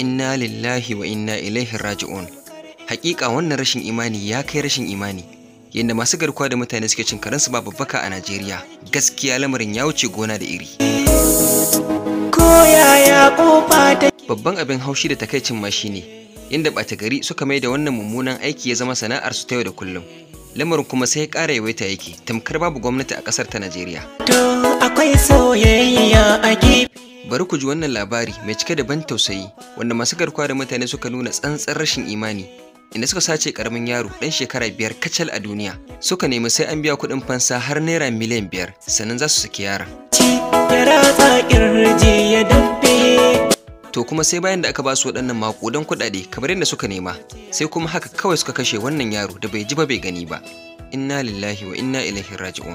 inna lillahi wa inna ilaihi raji'un hakika wannan rashin imani ya kai rashin imani yanda masu garkuwa da mutane suke cin karansu ba babbaka a Najeriya gaskiya lamarin ya wuce gona da iri babban abin haushi da takaicin ma shine inda ɓata gari suka mai da wannan mummunan aiki ya zama sana'ar su ta yau da kullum lamarin kuma sai ya ƙara yawaita yake tamkar babu gwamnati a ƙasar ta Najeriya Bari ku ji wannan labari mai cike da ban tausayi wanda masu garkuwa da mutane suka nuna tsantsar rashin imani inda suka sace karamin yaro dan shekara biyar kacal a duniya suka nemi sai an biya kuɗin fansa har naira miliyan biyar sannan za su saki yara To kuma sai bayan da aka ba su waɗannan makudan kuɗaɗe kamar yadda suka nema sai kuma haka kawai suka kashe wannan yaro da bai ji ba bai gani ba. Inna lillahi wa inna ilaihi raji'un.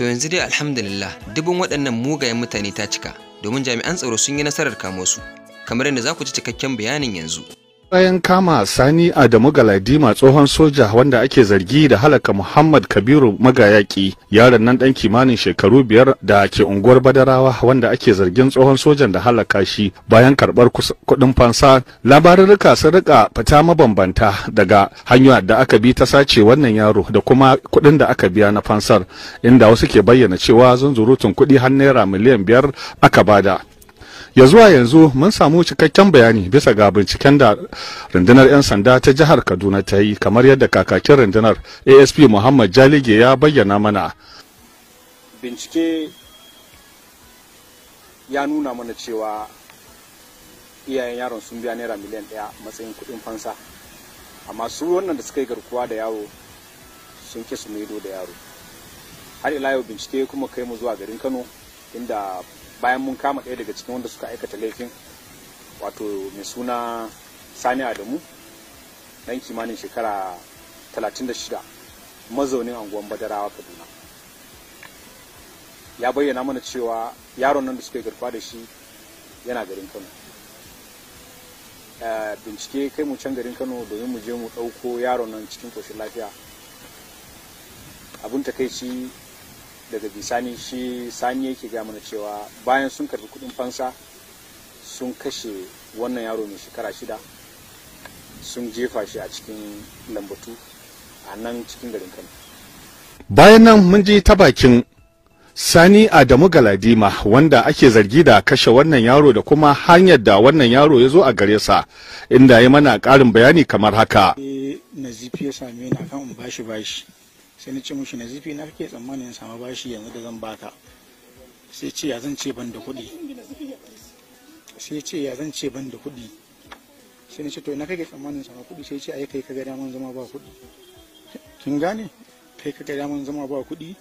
To yanzu dai alhamdulillah dubin waɗannan mugayen mutane ta cika domin jami'an tsaro sun yi nasarar kamo su kamar yadda za ku ci cikakken bayanin yanzu. bayan kama sani adamu galadima tsohon soja wanda ake zargi da halaka muhammad kabiru magayaki yaron nan dan kimanin shekaru biyar da ke unguwar badarawa wanda ake zargin tsohon sojan da halaka shi bayan karbar kudin fansa rika sun rika fita mabambanta daga hanya da aka bi ta sace wannan yaro da kuma kudin da aka biya na fansar inda wasu ke bayyana cewa zunzurutun kudi har naira miliyan biyar aka bada ya zuwa yanzu mun samu cikakken bayani bisa ga binciken da rundunar 'yan sanda ta jihar kaduna ta yi kamar yadda kakakin rundunar asp muhammad jalige ya bayyana mana bincike ya nuna mana cewa iyayen yaron sun biya naira miliyan ɗaya matsayin kuɗin fansa amma su wannan da suka yi garkuwa da yaro sun ƙi su maido da yaro har ila yau bincike kuma kai mu zuwa garin kano inda bayan mun kama ɗaya daga cikin wanda suka aikata laifin wato mai suna sani adamu ɗan kimanin shekara 36 mazaunin anguwan badarawa kaduna ya bayyana mana cewa yaron nan da suka yi garkuwa da shi yana garin kano eh, bincike kai mu can garin kano domin mu je mu ɗauko yaron nan cikin koshin lafiya abin takaici daga bisani shi sani yake gaya mana cewa bayan sun karbi kudin fansa sun kashe wannan yaro mai shekara shida sun jefa shi a cikin lambatu a nan cikin garin kano bayan nan mun ji ta bakin sani adamu galadima wanda ake zargi da kashe wannan yaro da kuma hanyar da wannan yaro ya zo a gare sa inda ya mana karin bayani kamar haka nazifi ya same ni akan bashi bashi sai na ce mushi na zifi na kake tsammanin samu bashi yanzu da zan baka sai ce ya zan ce ban da kuɗi sai ce ya zan ce ban da kuɗi sai na ce to na kake tsammanin samu kuɗi sai ce ai kai ka gada daman zama ba kuɗi kin gane kai ka gada daman zama ba kuɗi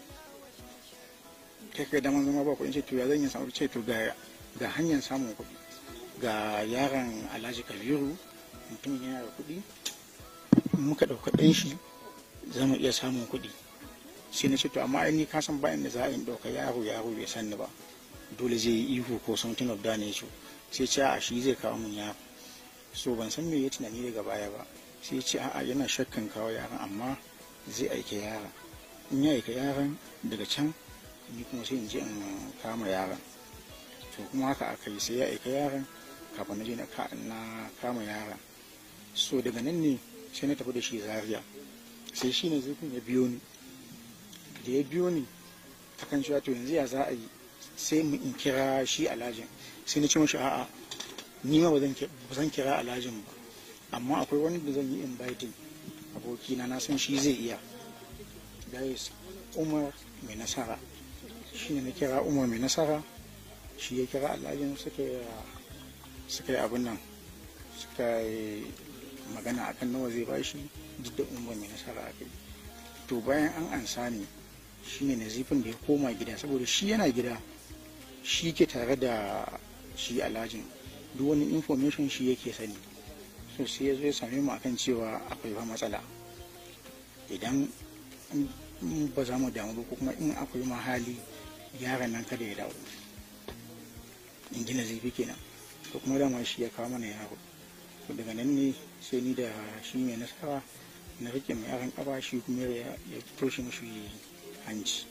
kai ka gada daman zama ba kuɗi ce to ya zan yi samu ce to ga ga hanyar samun kuɗi ga yaron Alhaji Kabiru mutumin yana da kuɗi muka ɗauka ɗan shi za mu iya samun kuɗi sai na ce to amma ni ka san bayan da za a yi ɗauka yaro yaro bai sanni ba dole zai yi ihu ko something of that nature sai ce a shi zai kawo mun yaro so ban san me ya tunani daga baya ba sai ce a, yana shakkan kawo yaran amma zai aika yaran in ya aika yaran daga can ni kuma sai in je in kama yaran to kuma haka aka yi sai ya aika yaran kafin na je na kama yaran so daga nan ne sai na tafi da shi Zariya. sai shi ne zurfin ya biyo ni da ya biyo ni ta kan cewa to yanzu ya za a yi sai mu in kira shi alhajin sai na ce mashi a'a ni ma ba zan kira alhajin ba amma akwai wani da zan yi inviting abokina na san shi zai iya da ya umar mai nasara shi ne na kira umar mai nasara shi ya kira alhajin suka yi abin nan suka yi magana akan nawa zai bashi duk da umar mai nasara a kai to bayan an ansa ne shine nazifin da ya koma gida saboda shi yana gida shi ke tare da shi alhajin duk wani information shi yake sani so sai ya zo ya same mu akan cewa akwai ba matsala idan ba za mu damu ba ko kuma in akwai mahali yaran nan kada ya dawo in gina nazifi kenan to kuma dama shi ya kawo mana yaro daga nan ne sai ni da shi mai nasara na rike mai aran kaba shi kuma ya toshe mashi hanci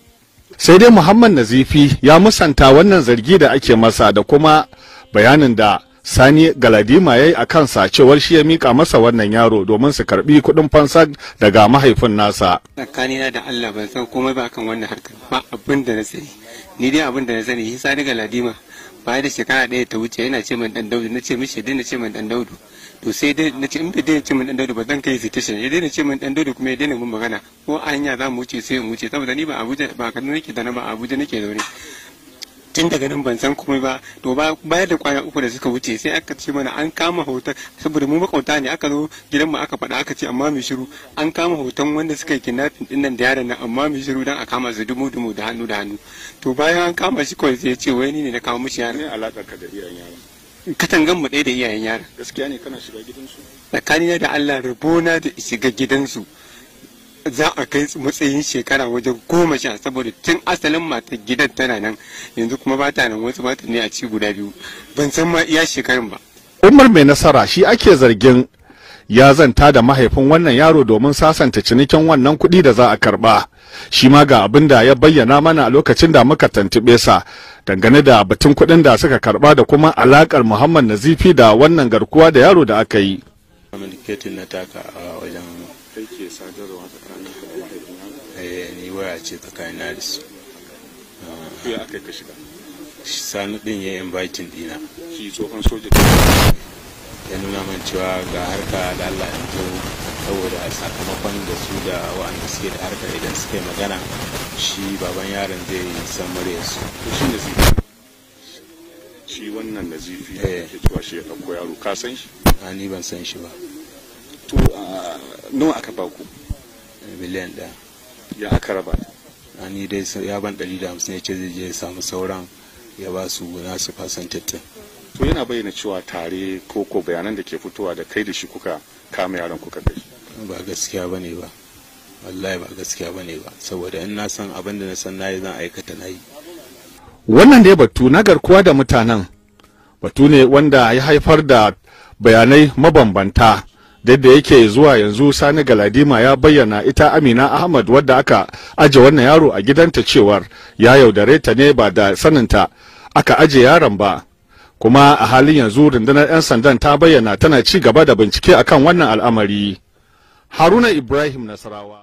sai dai muhammad nazifi ya musanta wannan zargi da ake masa da kuma bayanin da sani galadima ya yi a kansa cewar shi ya mika masa wannan yaro domin su karbi kuɗin fansa daga mahaifin nasa tsakanina da allah ban san komai ba kan wannan harkar ba abin da na sani ni dai abin da na sani sani galadima baya da shekara ɗaya ta wuce yana ce min dan daudu na ce mishi dai na ce min dan daudu to sai dai na ce in bai daina ce min dan dodo ba zan kai station ya daina ce min dan dodo kuma ya daina mun magana ko a hanya za mu wuce sai mu wuce saboda ni ba Abuja ba Kaduna nake da na ba Abuja nake zaune tun daga nan ban san komai ba to bayar da kwana uku da suka wuce sai aka ce mana an kama hoton saboda mu makauta ne aka zo gidan mu aka faɗa aka ce amma mai shiru an kama hoton wanda suka yi kidnapping din nan da yaran nan amma mai shiru dan a kama su dumu dumu da hannu da hannu to bayan an kama shi kawai sai ya ce wai ni ne na kawo mishi yaran ne alaka ka da iyayen yaran katangan mu ɗaya da iyayen yara gaskiya ne kana shiga gidansu da Allah na da shiga gidansu za a kai matsayin shekara wajen goma sha saboda tun asalin mata gidan tana nan yanzu kuma ba ta nan wasu mata ne a ci guda biyu ban san ma iya shekarun ba umar mai nasara shi ake zargin ya zanta da mahaifin wannan yaro domin sasanta cinikin wannan kuɗi da za a karba shi ma ga abin da ya bayyana mana a lokacin da muka tantube sa dangane da batun kuɗin da suka karba da kuma alakar muhammad nazifi da wannan garkuwa da yaro da aka yi na dina eh, shi tsohon soja ya nuna man cewa ga harka da allah in ji saboda sakamakon da su da wa'anda suke da harka idan suke magana shi baban yaron zai san su shi wannan nazifi eh. ke zuwa shi ya ɗauko yaro ka san shi a ni ban san shi ba to nawa aka ba ku eh, miliyan ɗaya ya aka raba a ni dai ya ban ɗari da hamsin ya ce zai je ya samu sauran ya ba su su fasan tattalin to yana bayyana cewa tare ko ko bayanan da ke fitowa da kai da shi kuka kama yaron kuka kai ba gaskiya bane ba wallahi ba gaskiya bane ba saboda in na san abin da na san na yi zan aikata na yi. wannan dai batu na garkuwa da mutanen batu ne wanda ya haifar da bayanai mabambanta da yake zuwa yanzu sani galadima ya bayyana ita amina ahmad wadda aka aje wannan yaro a gidanta cewar ya yaudare ta ne ba da saninta aka aje yaron ba kuma a halin yanzu rundunar 'yan sandan ta bayyana tana ci gaba da bincike akan wannan al'amari haruna ibrahim nasarawa